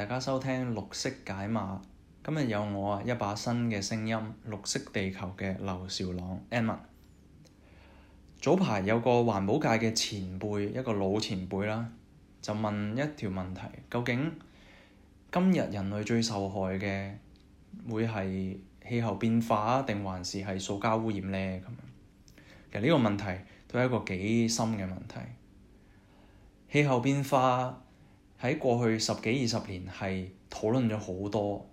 大家收聽綠色解碼，今日有我啊一把新嘅聲音，綠惜地球嘅劉兆朗，Emma。早排有個環保界嘅前輩，一個老前輩啦，就問一條問題：究竟今日人類最受害嘅會係氣候變化定還是係塑膠污染呢？其實呢個問題都係一個幾深嘅問題，氣候變化。喺過去十幾二十年係討論咗好多，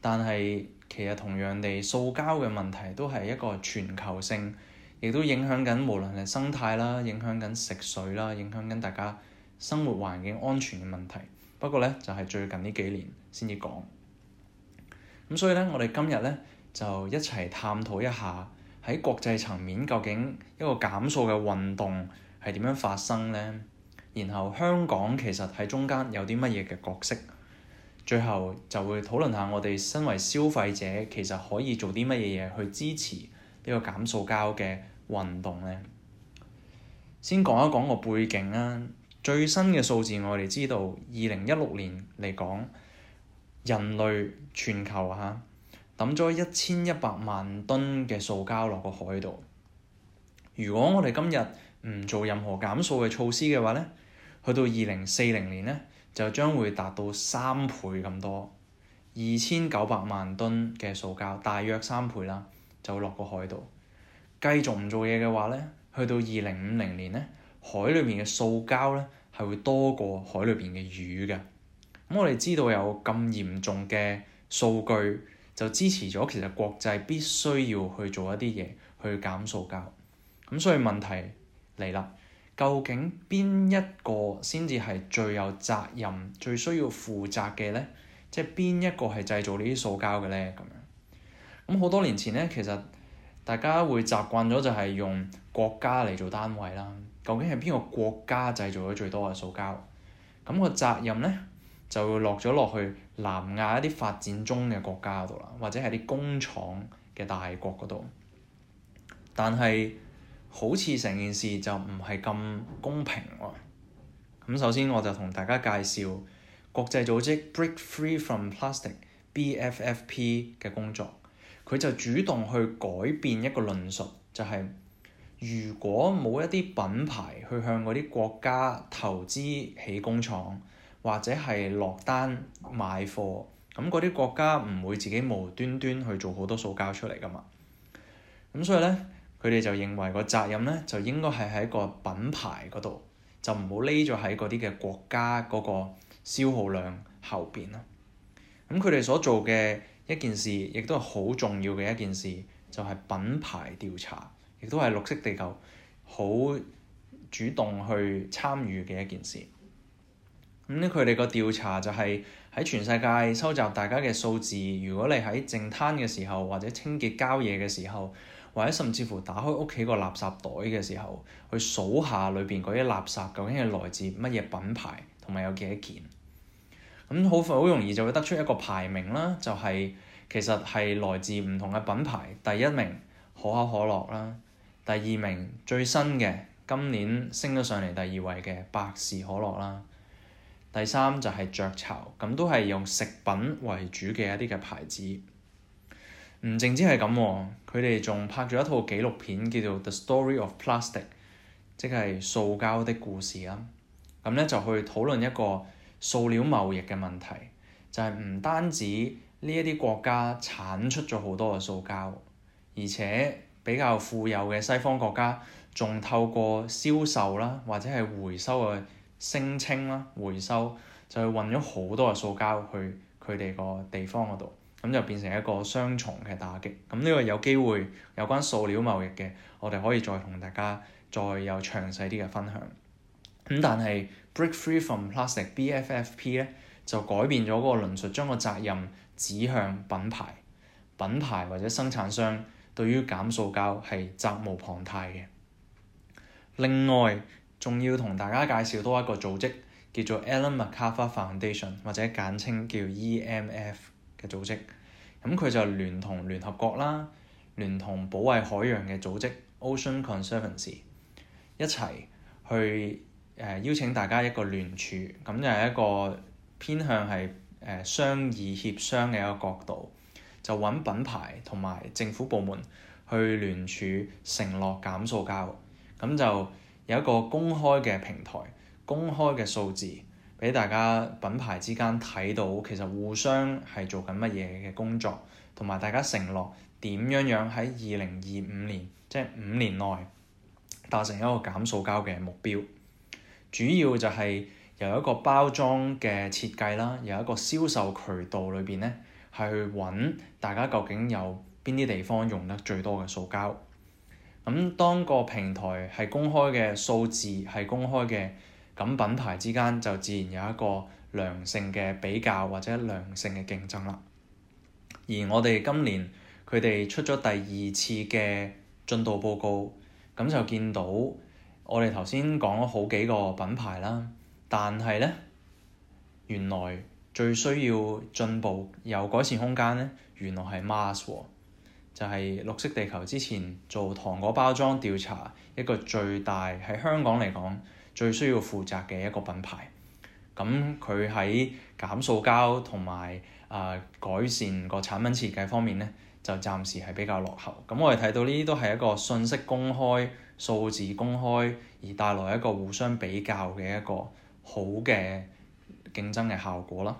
但係其實同樣地塑膠嘅問題都係一個全球性，亦都影響緊無論係生態啦、影響緊食水啦、影響緊大家生活環境安全嘅問題。不過咧，就係最近呢幾年先至講。咁所以咧，我哋今日咧就一齊探討一下喺國際層面究竟一個減塑嘅運動係點樣發生咧？然後香港其實喺中間有啲乜嘢嘅角色，最後就會討論下我哋身為消費者其實可以做啲乜嘢嘢去支持個減膠呢個減塑膠嘅運動咧。先講一講個背景啦。最新嘅數字我哋知道，二零一六年嚟講，人類全球嚇抌咗一千一百萬噸嘅塑膠落個海度。如果我哋今日唔做任何減塑嘅措施嘅話咧？去到二零四零年咧，就將會達到三倍咁多，二千九百萬噸嘅塑膠，大約三倍啦，就會落個海度。繼續唔做嘢嘅話咧，去到二零五零年咧，海裏面嘅塑膠咧係會多過海裏邊嘅魚嘅。咁我哋知道有咁嚴重嘅數據，就支持咗其實國際必須要去做一啲嘢去減塑膠。咁所以問題嚟啦。究竟邊一個先至係最有責任、最需要負責嘅呢？即係邊一個係製造呢啲塑膠嘅呢？咁樣咁好多年前呢，其實大家會習慣咗就係用國家嚟做單位啦。究竟係邊個國家製造咗最多嘅塑膠？咁個責任呢，就會落咗落去南亞一啲發展中嘅國家度啦，或者係啲工廠嘅大國嗰度。但係，好似成件事就唔係咁公平喎。咁首先我就同大家介紹國際組織 Break Free From Plastic（BFFP） 嘅工作，佢就主動去改變一個論述，就係如果冇一啲品牌去向嗰啲國家投資起工廠，或者係落單買貨，咁嗰啲國家唔會自己無端端去做好多塑膠出嚟㗎嘛。咁所以咧～佢哋就認為個責任咧，就應該係喺個品牌嗰度，就唔好匿咗喺嗰啲嘅國家嗰個消耗量後邊啦。咁佢哋所做嘅一件事，亦都係好重要嘅一件事，就係品牌調查，亦都係綠惜地球好主動去參與嘅一件事。咁咧，佢哋個調查就係喺全世界收集大家嘅數字。如果你喺淨灘嘅時候，或者清潔郊野嘅時候，或者甚至乎打開屋企個垃圾袋嘅時候，去數下裏邊嗰啲垃圾究竟係來自乜嘢品牌，同埋有幾多件。咁好快好容易就會得出一個排名啦，就係其實，係來自唔同嘅品牌，第一名可口可樂啦，第二名最新嘅今年升咗上嚟第二位嘅百事可樂啦，第三就係雀巢，咁都係用食品為主嘅一啲嘅牌子。唔淨止係咁，佢哋仲拍咗一套紀錄片，叫做《The Story of Plastic》，即係塑膠的故事啦。咁咧就去討論一個塑料貿易嘅問題，就係唔單止呢一啲國家產出咗好多嘅塑膠，而且比較富有嘅西方國家，仲透過銷售啦，或者係回收嘅聲稱啦，回收就去運咗好多嘅塑膠去佢哋個地方嗰度。咁就變成一個雙重嘅打擊。咁呢個有機會有關塑料貿易嘅，我哋可以再同大家再有詳細啲嘅分享。咁但係 Break Free From Plastic（BFFP） 呢，就改變咗嗰個論述，將個責任指向品牌、品牌或者生產商對於減塑膠係責無旁貸嘅。另外，仲要同大家介紹多一個組織，叫做 Ellen MacArthur Foundation，或者簡稱叫 EMF。嘅組織，咁佢就聯同聯合國啦，聯同保衞海洋嘅組織 Ocean Conservancy 一齊去誒、呃、邀請大家一個聯署，咁就係一個偏向係誒商議協商嘅一個角度，就揾品牌同埋政府部門去聯署承諾減塑膠，咁就有一個公開嘅平台，公開嘅數字。俾大家品牌之間睇到，其實互相係做緊乜嘢嘅工作，同埋大家承諾點樣樣喺二零二五年，即係五年內達成一個減塑膠嘅目標。主要就係由一個包裝嘅設計啦，由一個銷售渠道裏邊咧，係去揾大家究竟有邊啲地方用得最多嘅塑膠。咁，嗯，當個平台係公開嘅數字，係公開嘅。咁品牌之間就自然有一個良性嘅比較或者良性嘅競爭啦。而我哋今年佢哋出咗第二次嘅進度報告，咁就見到我哋頭先講咗好幾個品牌啦，但係咧原來最需要進步又改善空間咧，原來係 Mars、哦、就係、是、綠惜地球之前做糖果包裝調查一個最大喺香港嚟講，最需要負責嘅一個品牌，咁佢喺減塑膠同埋啊改善個產品設計方面呢，就暫時係比較落後。咁我哋睇到呢啲都係一個信息公開、數字公開而帶來一個互相比較嘅一個好嘅競爭嘅效果啦。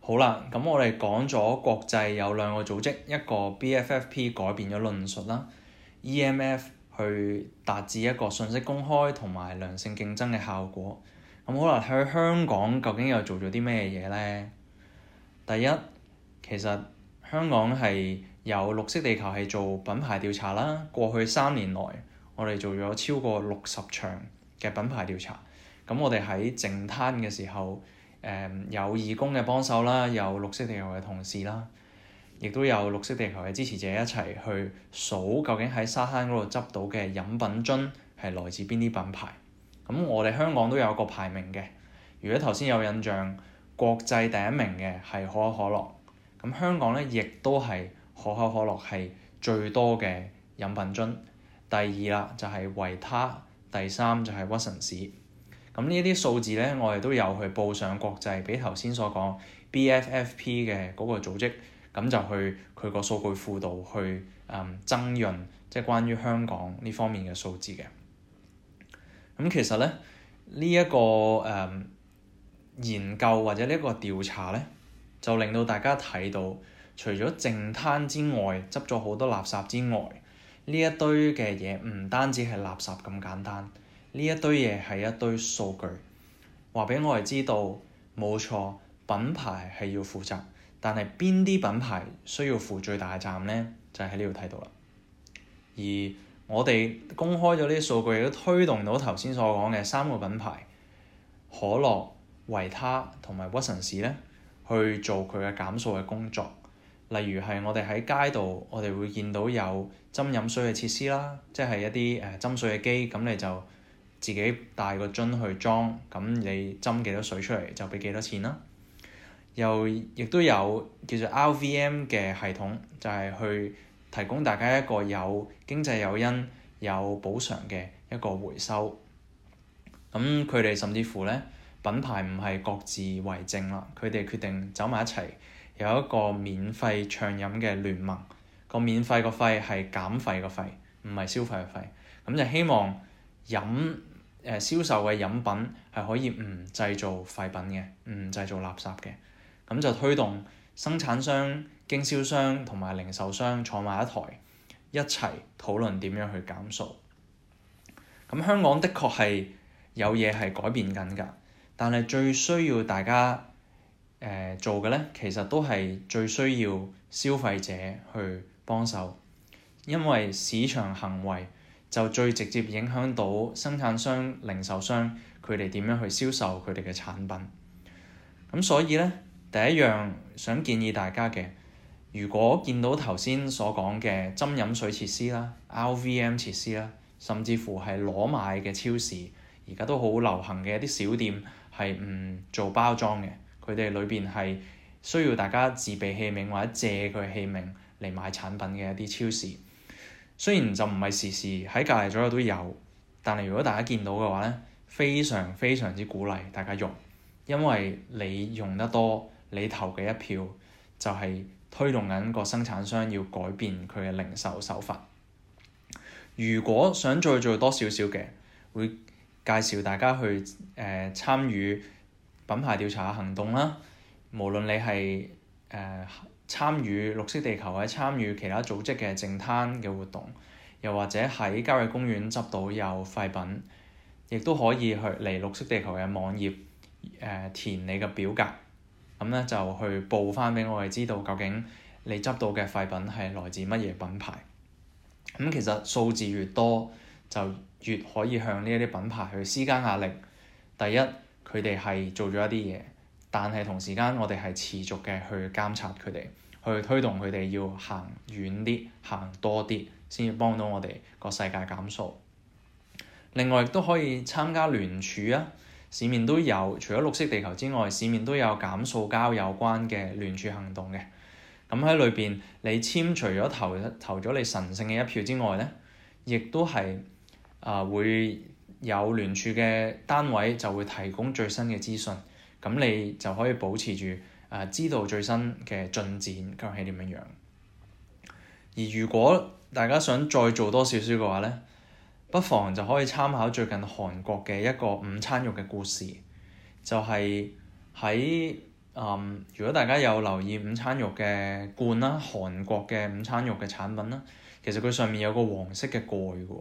好啦，咁我哋講咗國際有兩個組織，一個 BFFP 改變咗論述啦，EMF。EM 去達至一個信息公開同埋良性競爭嘅效果。咁好啦，睇香港究竟又做咗啲咩嘢咧？第一，其實香港係有綠惜地球係做品牌調查啦。過去三年來，我哋做咗超過六十場嘅品牌調查。咁我哋喺淨灘嘅時候，誒、嗯、有義工嘅幫手啦，有綠惜地球嘅同事啦。亦都有綠惜地球嘅支持者一齊去數，究竟喺沙灘嗰度執到嘅飲品樽係來自邊啲品牌？咁我哋香港都有個排名嘅。如果頭先有印象，國際第一名嘅係可口可樂，咁香港咧亦都係可口可樂係最多嘅飲品樽。第二啦就係、是、維他，第三就係屈臣氏。咁呢啲數字咧，我哋都有去報上國際，畀頭先所講 B F F P 嘅嗰個組織。咁就去佢個數據庫度去，嗯，增潤即係關於香港呢方面嘅數字嘅。咁、嗯、其實咧，呢、這、一個誒、嗯、研究或者呢一個調查咧，就令到大家睇到，除咗淨灘之外，執咗好多垃圾之外，呢一堆嘅嘢唔單止係垃圾咁簡單，呢一堆嘢係一堆數據。話俾我哋知道，冇錯，品牌係要負責。但係邊啲品牌需要付最大嘅責任咧？就喺呢度睇到啦。而我哋公開咗呢啲數據，亦都推動到頭先所講嘅三個品牌可樂、維他同埋屈臣氏咧，去做佢嘅減塑嘅工作。例如係我哋喺街度，我哋會見到有斟飲水嘅設施啦，即係一啲誒斟水嘅機，咁你就自己帶個樽去裝，咁你斟幾多水出嚟就畀幾多錢啦。又亦都有叫做 RVM 嘅系統，就係、是、去提供大家一個有經濟誘因有補償嘅一個回收。咁佢哋甚至乎咧，品牌唔係各自為政啦，佢哋決定走埋一齊有一個免費暢飲嘅聯盟。個免費個費係減費個費，唔係消費個費。咁就希望飲誒、呃、銷售嘅飲品係可以唔製造廢品嘅，唔製造垃圾嘅。咁就推動生產商、經銷商同埋零售商坐埋一台，一齊討論點樣去減塑。咁香港的確係有嘢係改變緊㗎，但係最需要大家誒、呃、做嘅咧，其實都係最需要消費者去幫手，因為市場行為就最直接影響到生產商、零售商佢哋點樣去銷售佢哋嘅產品。咁所以咧。第一樣想建議大家嘅，如果見到頭先所講嘅斟飲水設施啦、RVM 設施啦，甚至乎係裸買嘅超市，而家都好流行嘅一啲小店係唔做包裝嘅，佢哋裏邊係需要大家自備器皿或者借佢器皿嚟買產品嘅一啲超市。雖然就唔係時時喺隔籬左右都有，但係如果大家見到嘅話咧，非常非常之鼓勵大家用，因為你用得多。你投嘅一票就係、是、推動緊個生產商要改變佢嘅零售手法。如果想再做多少少嘅，會介紹大家去誒、呃、參與品牌調查行動啦。無論你係誒、呃、參與綠惜地球，或者參與其他組織嘅淨灘嘅活動，又或者喺郊野公園執到有廢品，亦都可以去嚟綠惜地球嘅網頁誒、呃、填你嘅表格。咁咧、嗯、就去報翻俾我哋知道，究竟你執到嘅廢品係來自乜嘢品牌？咁、嗯、其實數字越多，就越可以向呢一啲品牌去施加壓力。第一，佢哋係做咗一啲嘢，但係同時間我哋係持續嘅去監察佢哋，去推動佢哋要行遠啲、行多啲，先至幫到我哋個世界減塑。另外亦都可以參加聯署啊！市面都有，除咗綠惜地球之外，市面都有減塑膠有關嘅聯署行動嘅。咁喺裏邊，你簽除咗投咗你神聖嘅一票之外咧，亦都係啊、呃、會有聯署嘅單位就會提供最新嘅資訊，咁你就可以保持住啊、呃、知道最新嘅進展究竟係點樣樣。而如果大家想再做多少少嘅話咧？不妨就可以參考最近韓國嘅一個午餐肉嘅故事，就係喺，嗯，如果大家有留意午餐肉嘅罐啦，韓國嘅午餐肉嘅產品啦，其實佢上面有個黃色嘅蓋嘅喎，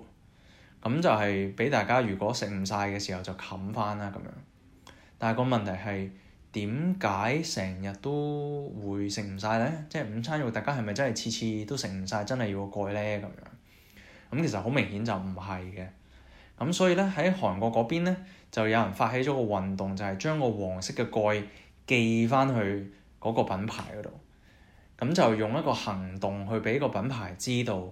咁就係畀大家如果食唔晒嘅時候就冚翻啦咁樣。但係個問題係點解成日都會食唔晒咧？即係午餐肉，大家係咪真係次次都食唔晒？真係要個蓋咧咁樣？咁其實好明顯就唔係嘅，咁所以咧喺韓國嗰邊咧就有人發起咗個運動，就係將個黃色嘅蓋寄翻去嗰個品牌嗰度，咁就用一個行動去俾個品牌知道，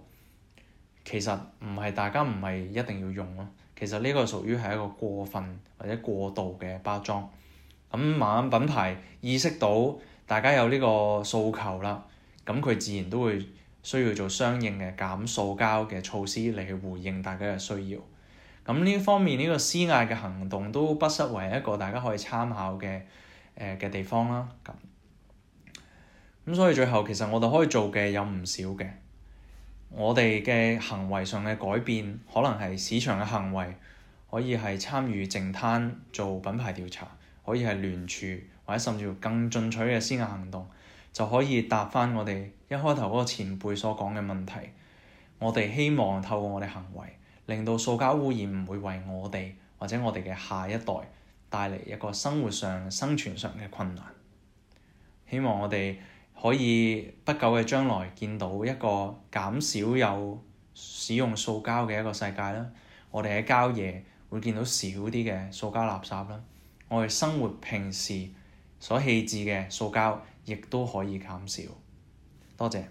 其實唔係大家唔係一定要用咯，其實呢個屬於係一個過分或者過度嘅包裝，咁慢慢品牌意識到大家有呢個訴求啦，咁佢自然都會，需要做相應嘅減塑膠嘅措施嚟去回應大家嘅需要，咁呢方面呢個施壓嘅行動都不失為一個大家可以參考嘅誒嘅地方啦。咁咁所以最後其實我哋可以做嘅有唔少嘅，我哋嘅行為上嘅改變可能係市場嘅行為，可以係參與淨灘做品牌調查，可以係聯署或者甚至乎更進取嘅施壓行動。就可以答翻我哋一開頭嗰個前輩所講嘅問題。我哋希望透過我哋行為，令到塑膠污染唔會為我哋或者我哋嘅下一代帶嚟一個生活上、生存上嘅困難。希望我哋可以不久嘅將來見到一個減少有使用塑膠嘅一個世界啦。我哋喺郊野會見到少啲嘅塑膠垃圾啦。我哋生活平時所棄置嘅塑膠，亦都可以減少，多謝。